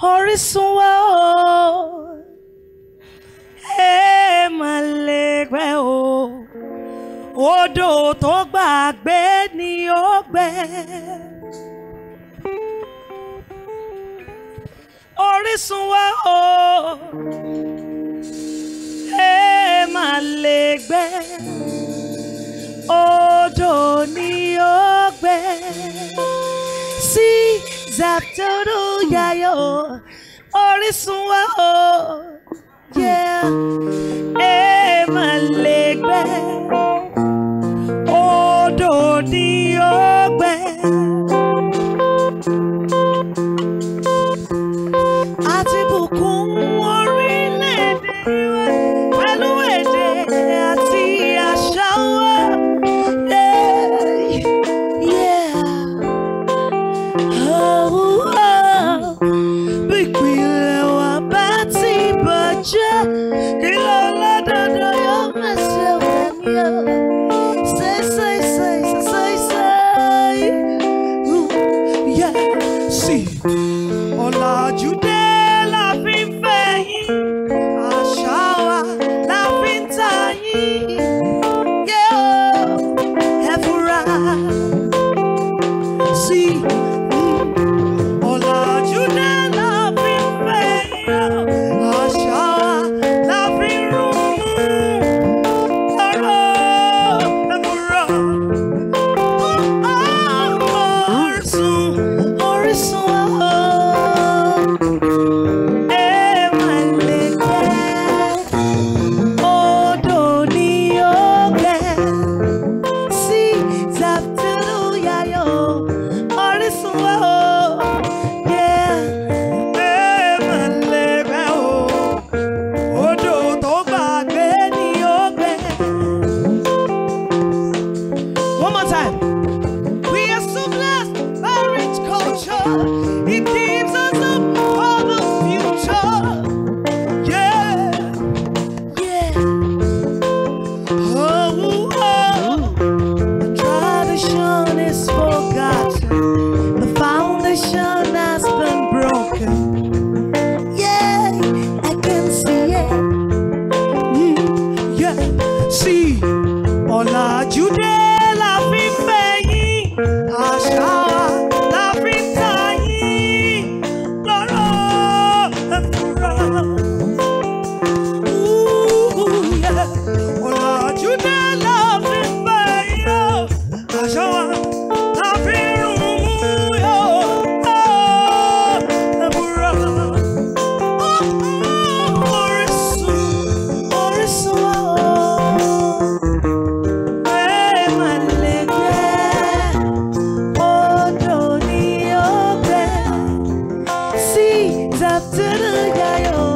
Orísun wa o ẹ má lè gbẹ o odò tó gbàgbé ni ó gbẹ. Orísun wa o ẹ má lè gbẹ. dàpẹ́rù yàyò Orísun wa o. Yeah. 잡들을 가요